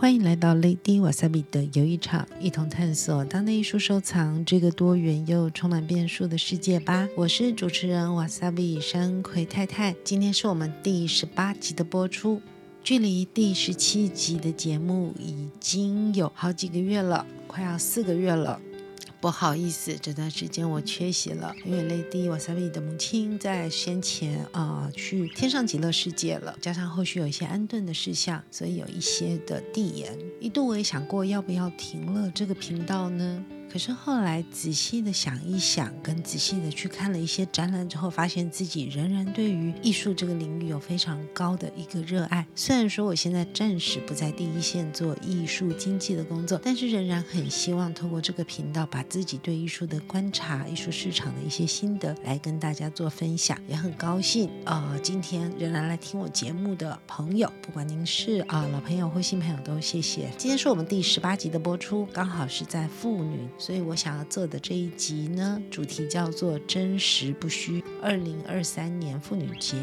歡迎來到 Lady Wasabi 的遊藝場，一同探索當代藝術收藏這個多元又充滿變數的世界吧。我是主持人 Wasabi 山葵太太，今天是我們第十八集的播出，距離第十七集的節目已經有好幾個月了，快要四個月了。不好意思，這段時間我缺席了，因為 Lady Wasabi 的母親在先前啊、呃、去天上極樂世界了，加上後續有一些安頓的事項，所以有一些的遞延。一度我也想過要不要停了這個頻道呢？可是後來仔細的想一想，跟仔細的去看了一些展覽之後，發現自己仍然對於藝術這個領域有非常高的一個熱愛。雖然說我現在暫時不在第一線做藝術經紀的工作，但是仍然很希望通過這個頻道把自己對藝術的觀察、藝術市場的一些心得來跟大家做分享。也很高興，呃，今天仍然來聽我節目的朋友，不管您是啊、呃、老朋友或新朋友，都謝謝。今天是我們第十八集的播出，剛好是在婦女。所以我想要做的這一集呢，主題叫做“真實不虛 ”，2023 年婦女節。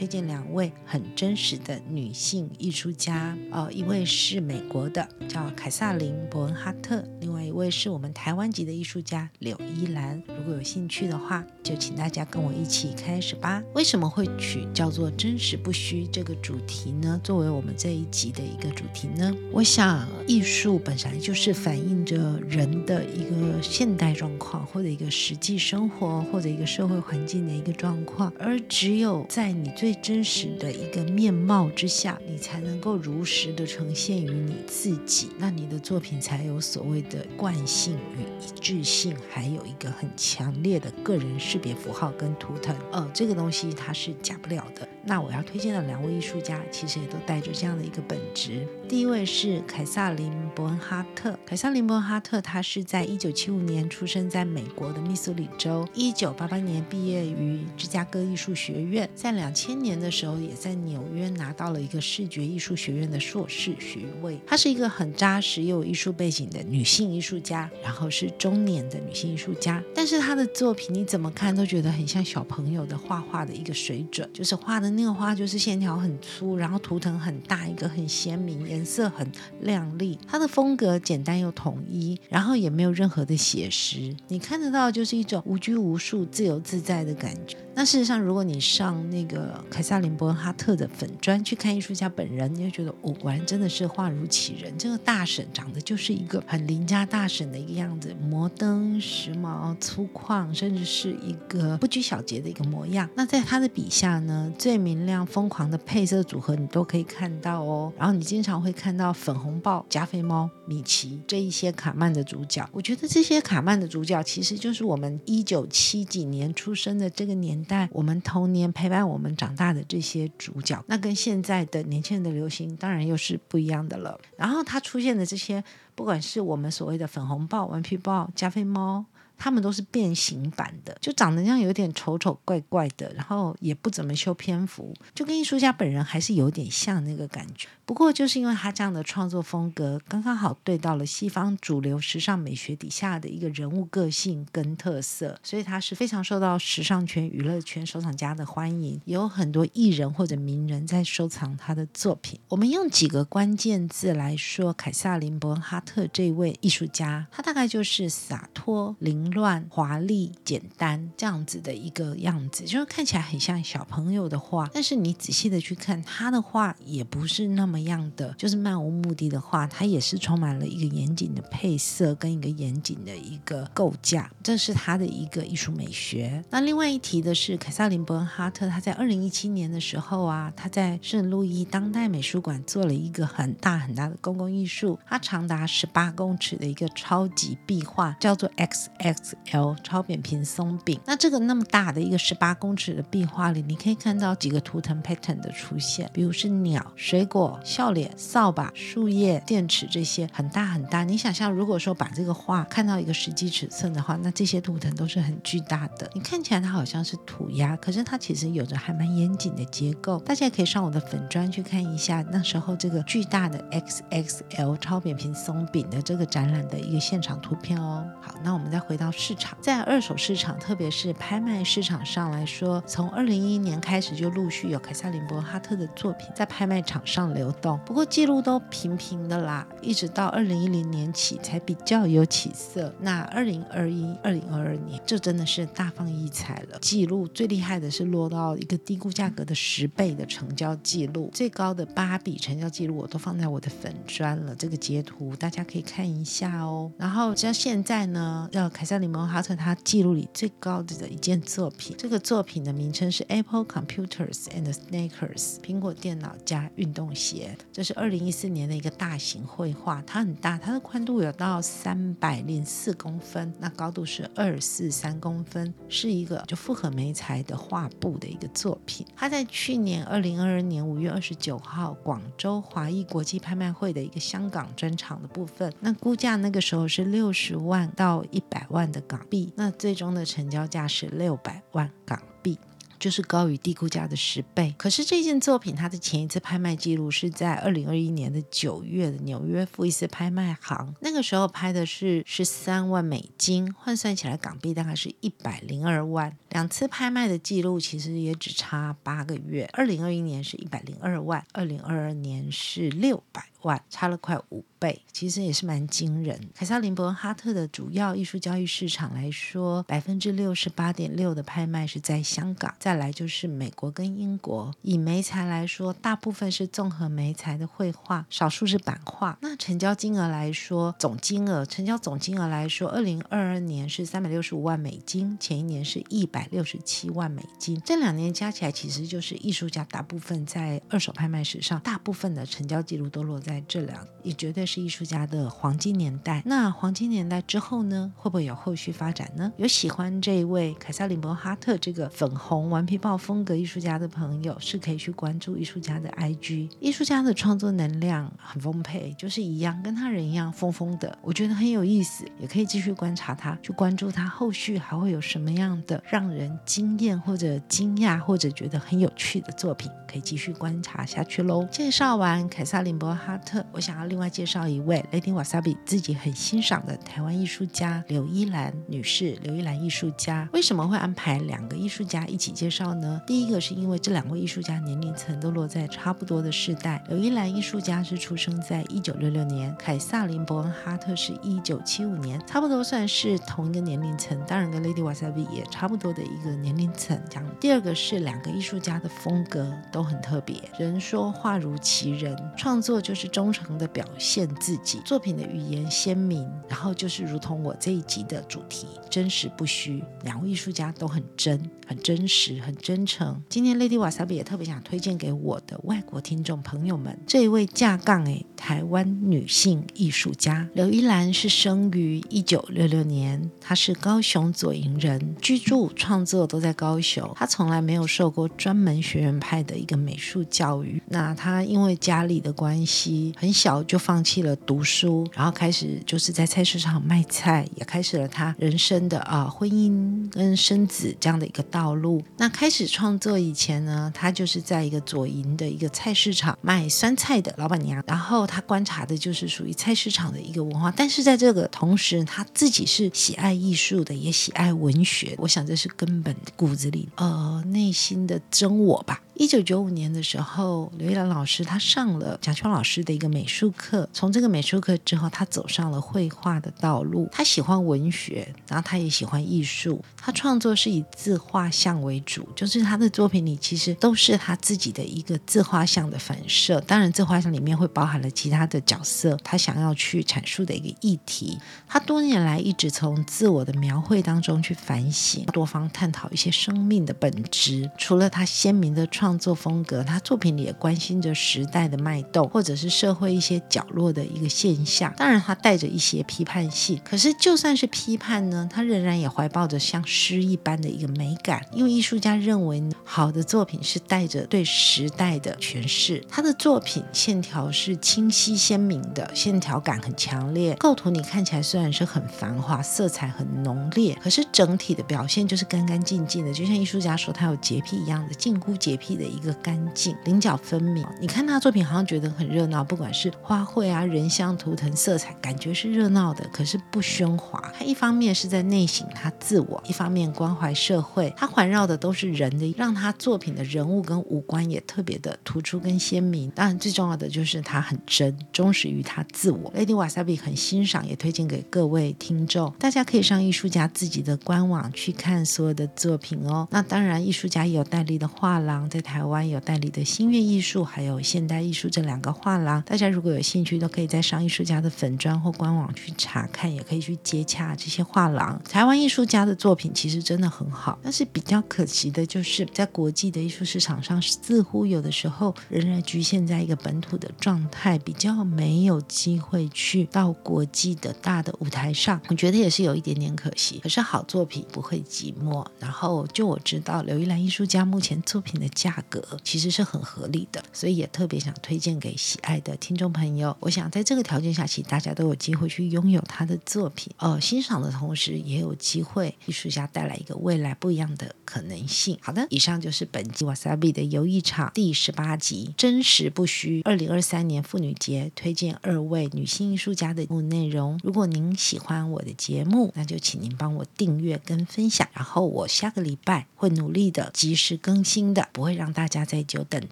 推薦兩位很真實的女性藝術家，呃、哦，一位是美國的，叫凱薩琳·伯恩哈特；另外一位是我們台灣籍的藝術家柳依蘭。如果有興趣的話，就請大家跟我一起開始吧。為什麼會取叫做“真實不虛”這個主題呢？作為我們這一集的一個主題呢？我想，藝術本身就是反映着人的一個現代狀況，或者一個實際生活，或者一個社會環境的一個狀況，而只有在你最最真實的一個面貌之下，你才能夠如實的呈現於你自己，那你的作品才有所謂的慣性與一致性，還有一個很強烈的個人識別符號跟圖騰。呃、哦，這個東西它是假不了的。那我要推薦的兩位藝術家，其實也都帶着這樣的一個本質。第一位是凱薩琳‧伯恩哈特。凱薩琳‧伯恩哈特，她是在一九七五年出生在美國的密蘇里州。一九八八年畢業於芝加哥藝術學院，在兩千年的時候，也在紐約拿到了一個視覺藝術學院的碩士學位。她是一個很扎實又有藝術背景的女性藝術家，然後是中年的女性藝術家。但是她的作品，你怎麼看都覺得很像小朋友的畫畫的一個水準，就是畫的那個畫，就是線條很粗，然後圖騰很大，一個很鮮明。顏色很亮麗，它的風格簡單又統一，然後也沒有任何的寫實，你看得到就是一種無拘無束、自由自在的感覺。那事實上，如果你上那個凱撒琳·伯恩哈特的粉專去看藝術家本人，你會覺得五官、哦、真的是畫如其人。這個大嬸長得就是一個很鄰家大嬸的一個樣子，摩登、時髦、粗獷，甚至是一個不拘小節的一個模樣。那在他的筆下呢，最明亮、瘋狂的配色組合你都可以看到哦。然後你經常會看到粉紅豹、加菲貓。米奇這一些卡漫的主角，我覺得這些卡漫的主角其實就是我們一九七幾年出生的這個年代，我們童年陪伴我們長大的這些主角，那跟現在的年輕人的流行當然又是不一樣的了。然後它出現的這些，不管是我們所謂的粉紅豹、頑皮豹、加菲貓。他們都是變形版的，就長得像有點醜醜怪怪的，然後也不怎麼修邊幅，就跟藝術家本人還是有點像那個感覺。不過就是因為他這樣的創作風格，剛剛好對到了西方主流時尚美學底下的一個人物個性跟特色，所以他是非常受到時尚圈、娛樂圈收藏家的歡迎，有很多藝人或者名人在收藏他的作品。我們用幾個關鍵字來說凱薩琳·伯恩哈特這位藝術家，他大概就是灑脫靈。亂、華麗、簡單這樣子的一個樣子，就是看起來很像小朋友的畫，但是你仔細的去看他的畫，也不是那麼樣的，就是漫無目的的畫，它也是充滿了一個嚴謹的配色跟一個嚴謹的一個構架，這是他的一個藝術美學。那另外一提的是凱薩琳‧伯恩哈特，他在二零一七年的時候啊，他在聖路易當代美術館做了一個很大很大的公共藝術，它長達十八公尺的一個超級壁畫，叫做 XX。X L 超扁平鬆餅，那這個那麼大的一個十八公尺的壁畫裡，你可以看到幾個圖騰 pattern 的出現，比如是鳥、水果、笑臉、掃把、樹葉、電池這些，很大很大。你想象如果說把這個畫看到一個實際尺寸的話，那這些圖騰都是很巨大的。你看起來它好像是塗鴉，可是它其實有着還蠻嚴謹的結構。大家也可以上我的粉專去看一下那時候這個巨大的 X X L 超扁平鬆餅的這個展覽的一個現場圖片哦。好，那我們再回到。市場在二手市場，特別是拍賣市場上來說，從二零一一年開始就陸續有凱薩琳伯哈特的作品在拍賣場上流動，不過記錄都平平的啦，一直到二零一零年起才比較有起色。那二零二一、二零二二年，這真的是大放異彩了，記錄最厲害的是落到一個低估價格的十倍的成交記錄，最高的八筆成交記錄我都放在我的粉專了，這個截圖大家可以看一下哦。然後像現在呢，要凱撒。伯恩哈特他記錄裡最高的的一件作品，這個作品的名稱是 Apple Computers and Sneakers，蘋果電腦加運動鞋。這是二零一四年的一個大型繪畫，它很大，它的寬度有到三百零四公分，那高度是二四三公分，是一個就複合媒材的畫布的一個作品。它在去年二零二二年五月二十九號廣州華藝國際拍賣會的一個香港專場的部分，那估價那個時候是六十萬到一百萬。萬的港幣，那最終的成交價是六百萬港幣，就是高於低估價的十倍。可是這件作品它的前一次拍賣記錄是在二零二一年的九月的紐約富藝斯拍賣行，那個時候拍的是十三萬美金，換算起來港幣大概是一百零二萬。兩次拍賣的記錄其實也只差八個月，二零二一年是一百零二萬，二零二二年是六百。哇，差了快五倍，其實也是蠻驚人。凱薩琳伯恩哈特的主要藝術交易市場來說，百分之六十八點六的拍賣是在香港，再來就是美國跟英國。以媒材來說，大部分是綜合媒材的繪畫，少數是版畫。那成交金額來說，總金額成交總金額來說，二零二二年是三百六十五萬美金，前一年是一百六十七萬美金，這兩年加起來，其實就是藝術家大部分在二手拍賣史上，大部分的成交記錄都落在。在這兩，也絕對是藝術家的黃金年代。那黃金年代之後呢？會不會有後續發展呢？有喜歡這一位凱薩琳伯哈特這個粉紅頑皮豹風格藝術家的朋友，是可以去關注藝術家的 IG。藝術家的創作能量很豐沛，就是一樣跟他人一樣瘋瘋的，我覺得很有意思，也可以繼續觀察他，去關注他後續還會有什麼樣的讓人驚艷或者驚訝或者覺得很有趣的作品，可以繼續觀察下去嘍。介紹完凱薩琳伯哈特。我想要另外介紹一位 Lady Wasabi 自己很欣賞的台灣藝術家柳依蘭女士。柳依蘭藝術家為什麼會安排兩個藝術家一起介紹呢？第一個是因為這兩位藝術家年齡層都落在差不多的世代，柳依蘭藝術家是出生在一九六六年，凱薩琳伯恩哈特是一九七五年，差不多算是同一個年齡層，當然跟 Lady Wasabi 也差不多的一個年齡層。第二個是兩個藝術家的風格都很特別，人說話如其人，創作就是。忠誠地表現自己，作品的語言鮮明，然後就是如同我這一集的主題，真實不虛。兩位藝術家都很真，很真實，很真誠。今天 Lady 瓦薩比也特別想推薦給我的外國聽眾朋友們，這一位架槓哎，台灣女性藝術家柳依蘭，是生於一九六六年，她是高雄左營人，居住創作都在高雄。她從來沒有受過專門學院派的一個美術教育，那她因為家裡的關係，很小就放棄了讀書，然後開始就是在菜市場賣菜，也開始了他人生的啊婚姻跟生子這樣的一個道路。那開始創作以前呢，他就是在一個左營的一個菜市場賣酸菜的老板娘，然後他觀察的就是屬於菜市場的一個文化。但是在這個同時，他自己是喜愛藝術的，也喜愛文學。我想這是根本骨子裡呃內心的真我吧。一九九五年的時候，柳依蘭老師她上了賈川老師的一個美術課。從這個美術課之後，她走上了繪畫的道路。她喜歡文學，然後她也喜歡藝術。她創作是以自畫像為主，就是她的作品裡其實都是她自己的一個自畫像的反射。當然，自畫像裡面會包含了其他的角色，她想要去闡述的一個議題。她多年來一直從自我的描繪當中去反省，多方探討一些生命的本質。除了她鮮明的創作創作風格，他作品裡也關心着時代的脈動，或者是社會一些角落的一個現象。當然，他帶着一些批判性。可是，就算是批判呢，他仍然也懷抱着像詩一般的一個美感。因為藝術家認為，好的作品是帶着對時代的詮釋。他的作品線條是清晰鮮明的，線條感很強烈。構圖你看起來雖然是很繁華，色彩很濃烈，可是整體的表現就是干干淨淨的，就像藝術家說他有潔癖一樣的，近乎潔癖。的一個乾淨、稜角分明。你看他作品，好像覺得很熱鬧，不管是花卉啊、人像、圖騰、色彩，感覺是熱鬧的，可是不喧嘩。他一方面是在內省他自我，一方面關懷社會。他環繞的都是人的，讓他作品的人物跟五官也特別的突出跟鮮明。當然最重要的就是他很真，忠實於他自我。Lady Wasabi 很欣賞，也推薦給各位聽眾。大家可以上藝術家自己的官網去看所有的作品哦。那當然，藝術家也有代理的畫廊在。台灣有代理的星月藝術，還有現代藝術這兩個畫廊，大家如果有興趣，都可以在上藝術家的粉專或官網去查看，也可以去接洽這些畫廊。台灣藝術家的作品其實真的很好，但是比較可惜的就是，在國際的藝術市場上，似乎有的時候仍然局限在一個本土的狀態，比較沒有機會去到國際的大的舞台上。我覺得也是有一點點可惜。可是好作品不會寂寞。然後就我知道，柳依蘭藝術家目前作品的價。價格其實是很合理的，所以也特別想推薦給喜愛的聽眾朋友。我想在這個條件下，其實大家都有機會去擁有他的作品哦，呃，欣賞的同時，也有機會藝術家帶來一個未來不一樣的。可能性。好的，以上就是本期瓦薩比的遊藝場第十八集，真實不虛。二零二三年婦女節推薦二位女性藝術家的節目內容。如果您喜歡我的節目，那就請您幫我訂閱跟分享。然後我下個禮拜會努力的及時更新的，不會讓大家再久等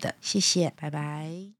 的。謝謝，拜拜。